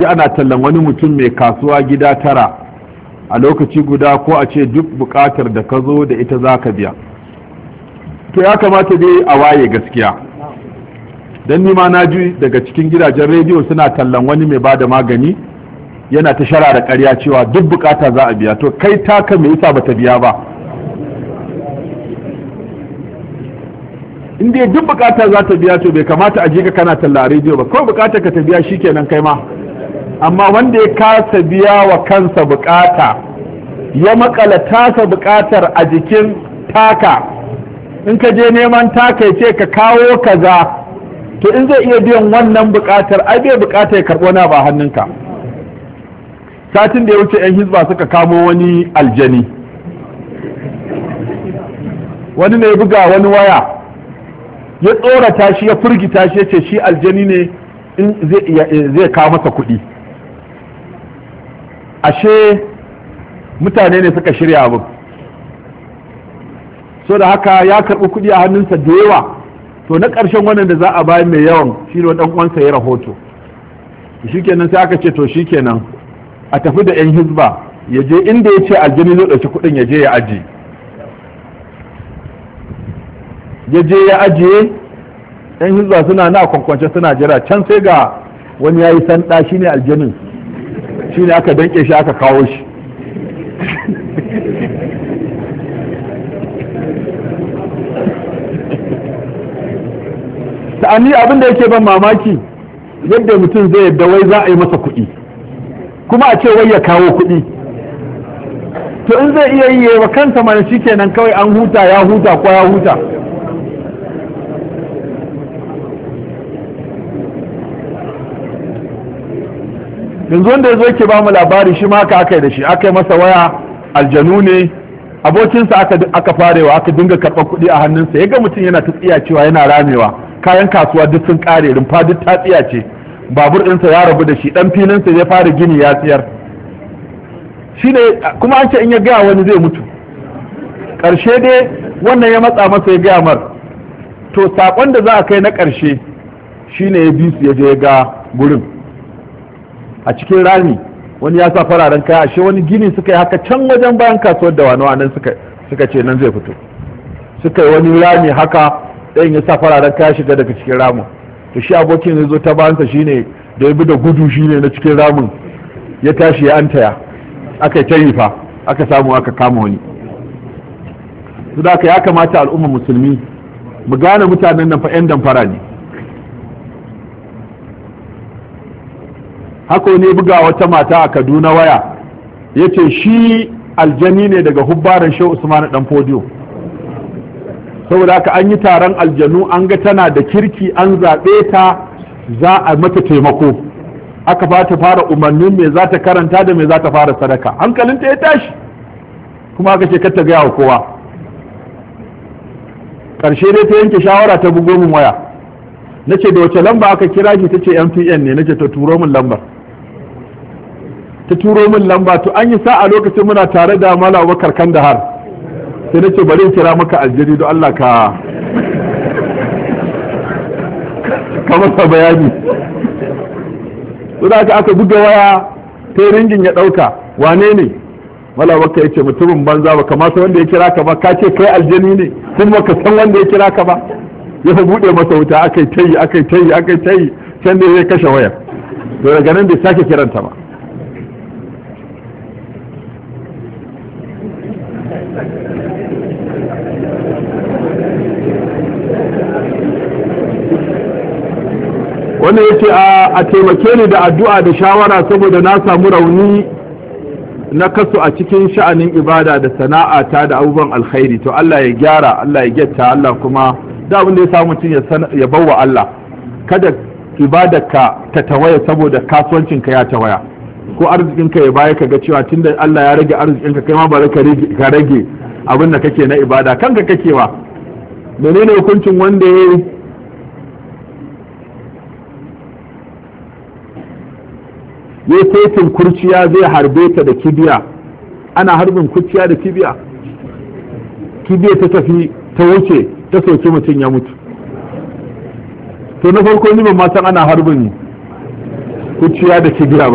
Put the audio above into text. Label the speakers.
Speaker 1: ji ana tallan wani mutum mai kasuwa gida tara a lokaci guda ko a ce duk bukatar da ka zo da ita za ka biya to ya kamata dai a waye gaskiya don nima na ji daga cikin gidajen rediyo suna tallan wani mai ba da magani yana ta shara da karya cewa duk bukata za a biya to kai taka mai yasa bata biya ba in duk bukata za ta biya to bai kamata a je ka kana talla a rediyo ba kawai bukata ka ta biya kenan kai ma amma wanda ya kasa biya wa kansa bukata ya makala tasa bukatar a jikin taka in ka je neman taka ya ce ka kawo kaza to in zai iya biyan wannan bukatar ai bai bukatar ya karɓo na ba hannunka satin da ya wuce 'yan hizba suka kamo wani aljani wani ne buga wani waya ya tsorata shi ya firgita shi ya ce shi aljani ne in zai kawo masa kuɗi ashe mutane ne suka shirya abin so da haka ya karɓi kuɗi a hannunsa da yawa to na ƙarshen wannan da za a bayan mai yawan shi ne ɗan uwansa ya rahoto shikenan sai aka ce to shikenan a tafi da 'yan hizba ya je inda ya ce aljini zai ɗauki kuɗin ya je ya aji ya je ya ajiye 'yan hizba suna na kwankwance suna jira can sai ga wani ya yi sanda shi ne aljinin shi ne aka danke shi aka kawo shi ta'ani abin da yake ban mamaki yadda mutum zai yadda wai za a yi masa kuɗi kuma a ce wai ya kawo kuɗi to in zai iya yi wa kansa mana shi kenan kawai an huta ya huta ko ya huta yanzu wanda ya zo yake ba mu labari shi ma aka aka da shi aka yi masa waya aljanu ne abokinsa aka aka farewa aka dinga karɓar kuɗi a hannunsa ya ga mutum yana ta tsiya cewa yana ramewa kayan kasuwa duk sun ƙare rumfa duk ta tsiya ce babur ɗinsa ya rabu da shi ɗan filinsa ya fara gini ya tsiyar shi ne kuma an ce in ya gaya wani zai mutu ƙarshe dai wannan ya matsa masa ya gaya mar to saƙon da za a kai na ƙarshe shi ne ya bi su ya je ga gurin a cikin rami wani ya sa fararen kaya ashe wani gini suka yi haka can wajen bayan kasuwar da wani nan suka ce nan zai fito suka yi wani rami haka ɗayan ya sa fararen kaya shiga daga cikin ramin to shi abokin ya zo ta bayansa shine da ya bi da gudu shine na cikin ramin ya tashi ya antaya aka yi fa aka samu aka kama wani su da ya kamata al'umma musulmi mu gane mutanen nan fa 'yan damfara ne Hako ne buga wata mata a kaduna waya ya ce shi aljani ne daga hubbaran shehu usman dan fodiyo saboda haka an yi taron aljanu an ga tana da kirki an zaɓe ta za a mata taimako aka ta fara umarnin me za ta karanta da me za ta fara sadaka hankalinta ya tashi kuma aka ce ta gaya wa kowa ƙarshe dai ta yanke shawara ta bugo min waya nace da wace lamba aka kira shi ta ce mpn ne nace ce ta turo min lambar ta turo min lamba to an yi sa'a lokacin muna tare da mala da kandahar sai nake bari in kira maka aljiri don allah ka ka sa bayani da aka buga waya ta ringin ya ɗauka wane ne mala abubakar ya ce mutumin banza ba kamar wanda ya kira ka ba ka ce kai aljini ne kuma ka san wanda ya kira ka ba ya fa bude masa wuta aka yi tayi aka yi tayi aka yi tayi can ya kashe wayar to daga nan bai sake kiranta ba Wani ya ce a taimake ni da addu'a da shawara saboda na samu rauni na kasu a cikin sha'anin ibada da sana'a ta da abubuwan alkhairi to Allah ya gyara Allah ya gyatta Allah kuma da abin da ya samu mutum ya bawa Allah kada ibadarka ta tawaya saboda kasuwancinka ya tawaya ko arzikin ka ya baya ka ga cewa tunda Allah ya rage arzikin ka kai ma ba ka rage abin da kake na ibada kanka kake wa menene hukuncin wanda ya yi fetin kurciya zai harbe ta da kibiya ana harbin kurciya da kibiya kibiya ta tafi ta wuce ta soke mutum ya mutu to na farko ni ban ma san ana harbin kurciya da kibiya ba